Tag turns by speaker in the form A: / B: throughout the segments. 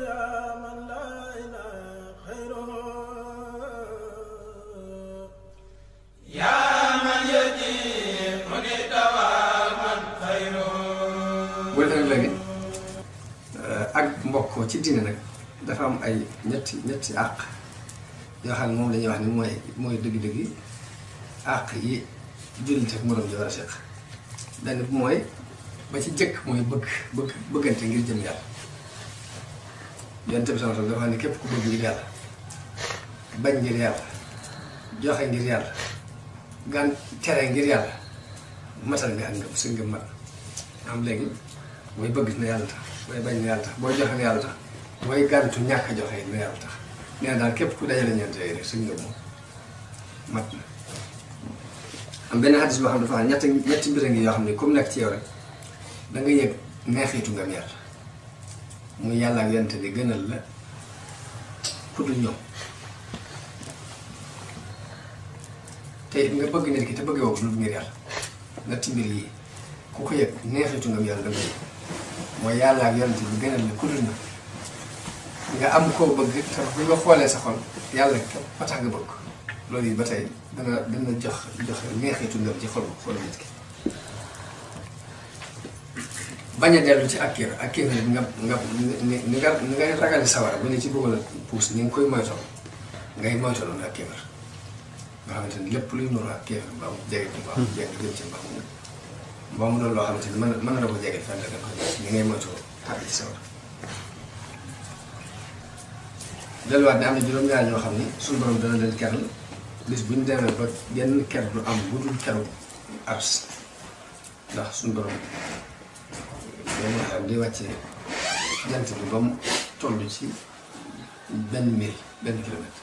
A: boo defee léegi ak mbokk ci diine nag dafa am ay ñetti ñetti àq yoo xam moom lañuy ñuy wax ni mooy mooy dëgg-dëgg yi àq yi jullit ak moroom ji a seq benn bi mooy ba ci jëkk mooy bëgg bëgg bëggante ngir jëm yàlla yéen tamit sama tool dafa ne képp ku bëgg ngir yàlla bañ ngir yàlla joxe ngir yàlla gan tere ngir yàlla matal ak nga am léegi booy bëgg na yàlla tax booy bañ na yàlla tax booy joxe na yàlla tax booy gàntu ñàkk joxe na yàlla tax nee daal képp ku dajale ñeent yooyu rek suñ nga moom mat na. am benn hadis boo xam ne ñett xam ñetti ngi yoo xam ne comme nekk ci yow rek da nga yëg neexitu ngam yàlla. mu yàlla ak yonent bi gënal la ku ñoom te nga bëgg nit ki te bëggee woo lu ngir yàlla ñetti mbir yi ku ko yëg neexitu ngam yàlla da nga yëg mooy yàlla ak yonent gënal la ku dul nga am koo bëgg te bu nga xoolee sa xol yàlla képp ba tax nga bëgg loolu yi ba tey dana dana jox jox neexitu ngam ci xol xol nit ki. bañ a dellu ci ak kéefar ak kéefar bi nga nga ni nga ni nga ragale sawara bu ne ci bëggoon a puus ni nga koy moytoo ngay moytoo ak xamante ni lépp luy nuru ak kéefar ba hmm. loo xamante ni mën mën ko jege fenn nga ko ni am na juróom-ñaar ñoo xam ni suñu borom bu ñu demee genn ker lu am bu dul keru ars ndax suñu borom dañuy xaw di wàcce jant bi ba tollu ci benn mil benn kilomètre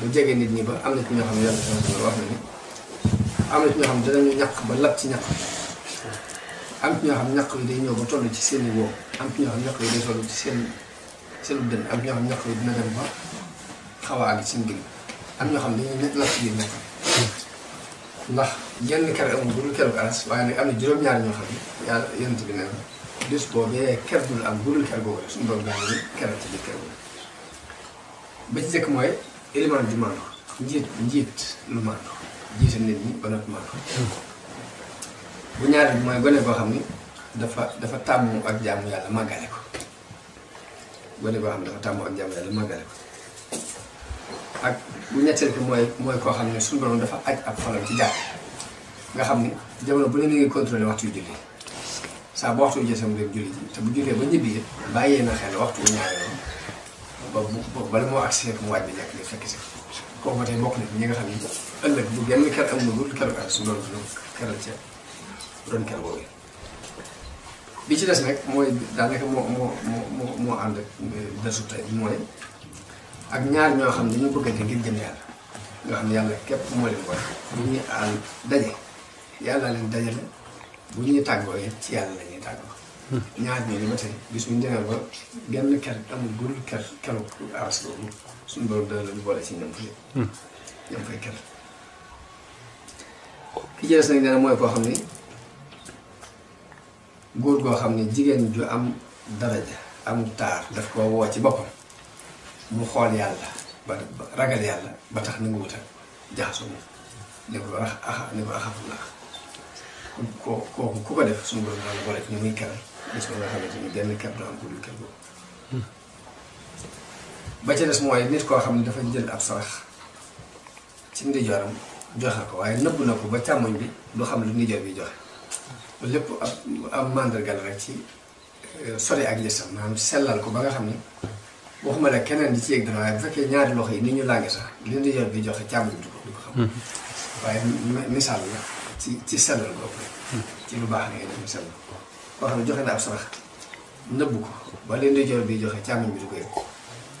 A: bu jege nit ñi ba am na ci ñoo xam ne yàlla na wax na ni am na ci ñoo xam ne danañu ñàkk ba lab ci ñax am ci ñàkk day ñëw ba toll ci seen i woo am ci ñoo xam ñàkk yi day toll ci seen seen dënn am ñoo xam ñàkk yi dina dem ba xaw a am ñoo xam dañuy nekk biir ñàkk ndax yenn kër amul bu dul këru aras waaye nag am na juróom-ñaar ñoo xam ne yàlla yent bi ne bis boobee kër dul am bu dul kër boobu rek suñu doon gaa ngi kër ci biir kër boobu ba ci jëkk mooy élément du maandu njiit njiit lu maandu jiite nit ñi ba noppi maandu bu ñaar bi mooy gone boo xam ni dafa dafa tàmm ak jaamu yàlla màggale ko gone boo xam ne dafa tàmm ak jaamu yàlla màggale ko ak bu ñetteel bi mooy koo xam ne suñu dafa aj ak ci jàpp nga xam ne bu ne ni ngi contrôlé waxtu yu julli saa bu waxtu bu jullee ba ñibbi it bàyyee na xel waxtu wu ñaareel ba bu bala moo rek mu waaj bi nekk li fekk si kooku na xam ne bu genn kër am na lu keroog ak suñu borom dina keral ca ci des nag mooy daanaka moo moo moo moo ànd ak desu tey mooy ak ñaar ñoo xam ne dañoo bëggante ngir jëm yàlla nga xam ne yàlla képp mooy leen boole bu ñuy ànd daje yàlla leen dajale bu ñuy tàggoo it ci yàlla la ñuy tàggoo. genn ker amul gul ker keroog aras boobu suñu borom dana leen boole ci ñoom fii. ñoom fay ki ci des nag mooy koo xam ne góor goo xam ne jigéen ju am daraja am taar daf koo woo ci boppam. mu xool yàlla ba ragal yàlla ba tax na nga wutal jaxasoo moom ne ko rax axa ko axafu laax ku ku ku ko def suñu borom wala boole ñu muy keral gis nga nga koo xam ne dafa jël ab sarax ci ndijooram joxe ko waaye nëbb na ko ba càmmooñ bi du xam lu ndijoor bi joxe lépp ab am màndargal rek ci euh, sori ak yësam maanaam sellal ko ba nga xam ne. waxuma la keneen di ci yëg dara waaye bu fekkee ñaari loxo yi ni ñu lànge sax li ñu yor bi joxe càmm du ko du ko xam. Mm-hmm. waaye ci ci sellal mm-hmm. ci lu baax la ngay def ne joxe na ab sarax nëbbu ko ba li ñu bi joxe càmm bi du ko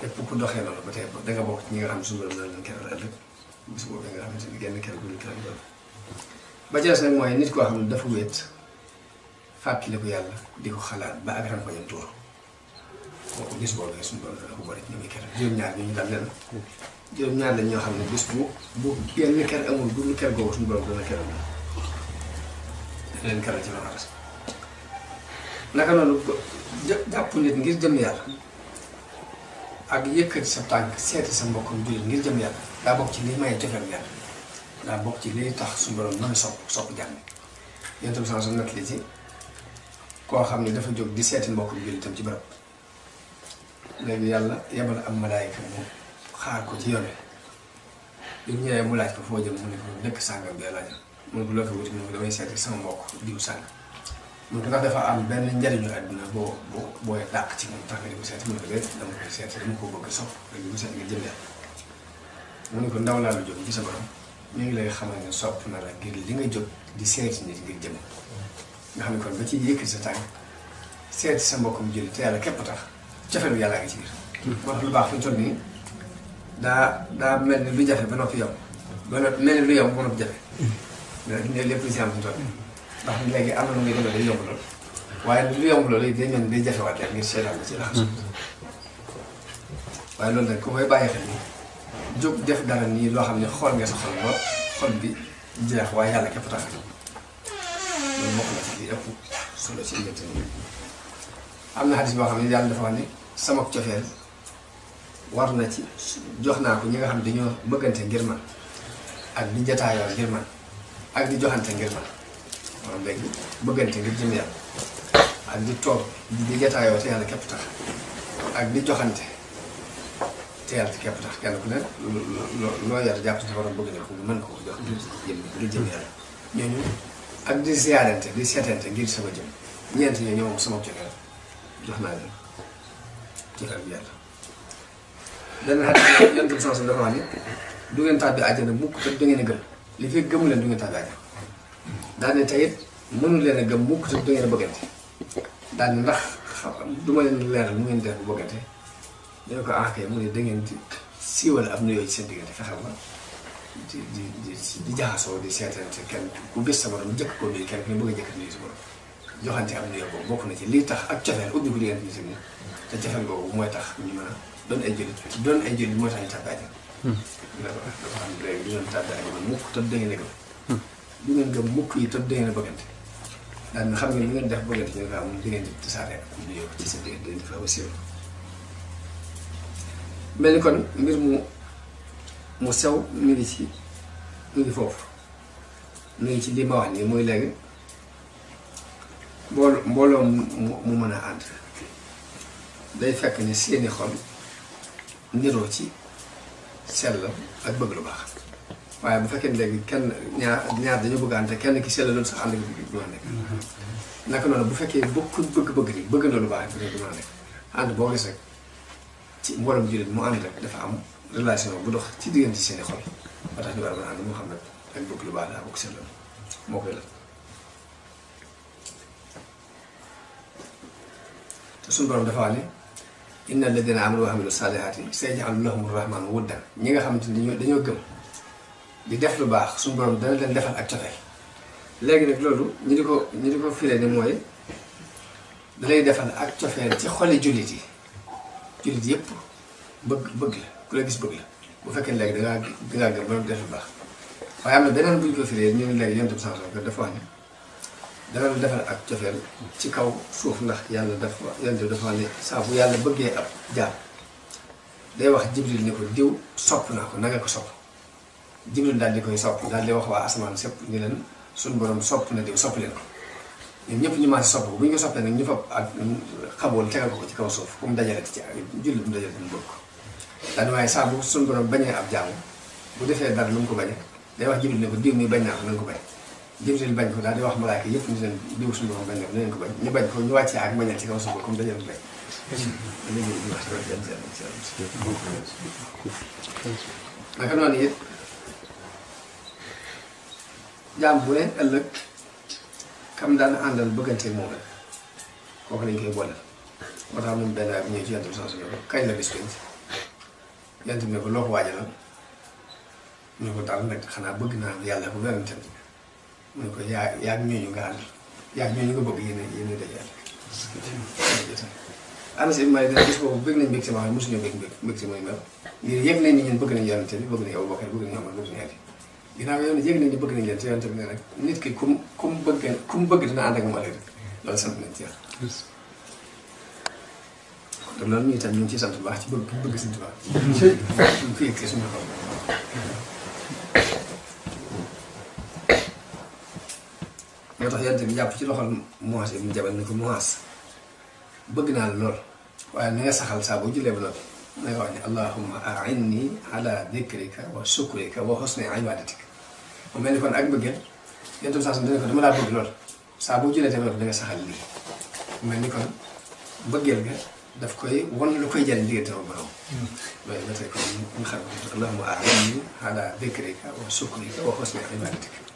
A: képp ku doxee loolu ba tey ñi nga xam ne suñu borom la leen keral ëllëg bis boobu nga xamante ni genn keral bu ñu keral loolu. ba ci des dafa wéet fàttaliku yàlla di ko xalaat ba ak ren ko yëngu moo ko gis boobu rek suñu borom dana ko boole ci ñoom kër juróom-ñaar ñu daan leen juróom-ñaar ñoo xam ne bis bu bu yenn leen noonu jàpp nit ngir jëm yàlla ak yëkkati sa tànk seeti sa mbokkum jullit ngir jëm yàlla daa bokk ci liy maye cofeel yàlla daa bokk ci liy tax suñu borom mën sopp sopp jàmm yéen itam sama sa natt li koo xam ne dafa jóg di seeti mbokkum jullitam ci barab léegi yàlla yebal am malaayka mu xaar ko ci yoon bi mu ñëwee mu laaj ko foo jëm mu ne ko dëkk sàngam bee laaj mu ne ko loo fi wuti mu mu ne ko am benn njariñu àdduna boo boo booy dàq ci moom tax nga di ko seeti mu ne ko déet dama ko seeti dama ko seet nga jëndee mu ne ko ndaw laa lu jóg ci sa borom ñu ngi lay xamal ne sopp na la ngir li nga jóg di seeti nit ngir jëm nga xam ne kon ba ci yëkkati sa tànk seeti sa mbokkum julli te yàlla képp tax jafe cofeelu yàlla ngi ci biir. moo tax lu baax fi mu nii daa daa mel ni lu jafe ba noppi yomb ba noppi mel ni lu yomb ba noppi jafe. ne lépp lu si am fi mu toll ndax léegi am na lu ngay demee day lool waaye lu yomb loolu it day mel ni la si laxas. loolu nag ku bàyyi xel nii jóg def dara nii loo xam ne xool nga sa xol ba xol bi jeex waaye yàlla képp tax loolu bokk na ci li ëpp solo ci ñett am na xadis boo xam ne yàlla dafa wax sama cofeel war na ci jox naa ko ñi nga xam dañoo bëggante ngir man ak di jataayoo ngir man ak di joxante ngir man maanaam léegi bëggante ngir jëm yàlla ak toog di jataayoo te yàlla ak di joxante te yàlla képp tax kenn ku ne loo yar jàpp te war a bëgg ne ngir jëm di seetante ngir sama jëm ñeent ñoo ñoom sama cofeel jox naa leen ci kàddu yàlla. benn xarit yonent bi sama sën dafa wax ni du ngeen tàbbi àjjana mukk te du ngeen a gëm li fi gëmu leen du ngeen tàbbi àjjana daal ne tey it leen a gëm mukk te du ngeen a bëggante daal ndax xam du ma leen leeral mu ngeen def bu ko aakee ah mu ne da ngeen di siiwal am nuyoo yooyu seen diggante fexe ba di di di di jaxasoo di seetante kenn ku gis sa borom jëkk koo bii kenn ku ne bëgg a jëkk nuyu sa borom joxante am nuyoo boobu bokk na ci lii tax ak cofeel ubbi ko diggante nit ñi te tax ñu a doon ay jullit ñu tàggaate hmm. dafa dafa xam ne du hmm. yi tëb da ngeen xam ngeen lu def bëggante ñu ne am diggante tasaare ak nuyoo ni kon mbir mu mu sew mi ngi ci mi ngi foofu mi ngi ci lii ma wax nii muy léegi mbooloo mbooloo mu mën a ànd day fekk ne seeni xol niroo ci sellal ak bëgg lu baax waaye bu fekkee léegi kenn ñaar ñaar dañu bëgg ànd te kenn ki sellalul sax ànd bi du ma nekk naka noonu bu fekkee bokkuñ bëgg-bëgg ni bëgg na lu baax bi du ma nekk ànd boo gis rek ci mbooloo mu jullit mu ànd rek dafa am relation bu dox ci diggante seeni xol ba tax ñu war a mën a ànd moo xam ne ak bëgg lu baax daa bokk sellal moo koy la te suñu borom dafa wax ne inna alladina amanu wa amilu saalihaati sayaj'alu lahum rahmaanu wuddan ñi nga xamante ni ñoo dañoo gëm di def lu baax suñu borom dana leen defal ak cofeel léegi nag loolu ñu di ko ñu di ko firee ni mooy da lay defal ak cofeel ci xoli jullit yi jullit yëpp bëgg bëgg la ku la gis bëgg la bu fekkee léegi dangaa dangaa gëm ba def lu baax waaye am na beneen bu ko firee ñu ne léegi yonent bi sallallahu alayhi dafa wax ne dana la ak cofeel ci kaw suuf ndax yàlla dafa yàlla dafa ne saa bu yàlla bëggee ab jaam day wax jibril ni ko diw sopp naa ko nanga ko sopp jibril daal di koy sopp daal di wax asamaan sépp ni leen suñ borom sopp na diw sopp leen ko ñëpp ñu maa si sopp bu ñu ko soppee nag ñu ak xabool tegal ko ci kaw suuf ku mu dajalati ci ak julli bu mu dajalati mu bëgg ko daal waaye saa bu bañee ab jaamu bu defee dara lu mu ko bañee day wax jibril ni ko diw mi bañ naa ko nanga ko bañ jëm si bañ ko daal di wax malaaka yëpp ñu leen diw suñu borom bañ na leen ko bañ ñu bañ ko ñu wàccee ak bañal ci kaw suuf comme dañu leen bañ. dañoo di wax loolu dem seen seen seen. naka noonu it jaam bu ne ëllëg kam daan àndal bëggante moom la kooku lañ koy booleel. moo tax ñun benn waay bu ñëwee ci yentu sans suñu kañ la bis penc yentu ne ko loo ko waajalal ñu ko daal nag xanaa bëgg naa yàlla bu wérante. mu ne ko yaa yaa ñooñu nga ànd yaa ñooñu nga bëgg yéen a yéen a dajeel. ana si may dina gis boobu bëgg nañ mbég si wax mosuñu mbég mbég si mooy mel ngir yëg nañ ni bëgg nañ yonente bi bëgg nañ yow bokkee bëgg nañ amal bëgg nañ ginnaaw ne yëg nañ bëgg nañ leen te yonente bi ne nag nit ki kum bëgg kum bëgg dina ànd ak moom ëllëg loolu sant nañ loolu ñu itam ñu ngi ciy sant bu baax ci bëgg bëgg Sëñ moo tax yonte bi ci loxol Muaas ibn Jabal ni ko Muaas bëgg naa la lool waaye na nga saxal saa boo jullee ba noppi na nga wax ne allahumma a'inni ala dikrika wa shukrika wa husni ibadatika mu mel ni kon ak bëggeel yonte bi saa su dana ko dama laa bëgg lool saa boo jullee tamit da nga saxal lii mu mel ni kon bëggeel ga daf koy wan lu koy jëriñ diggante ma borom hmm. loolu ba tey kon nga xam allahumma a'inni ala dikrika wa shukrika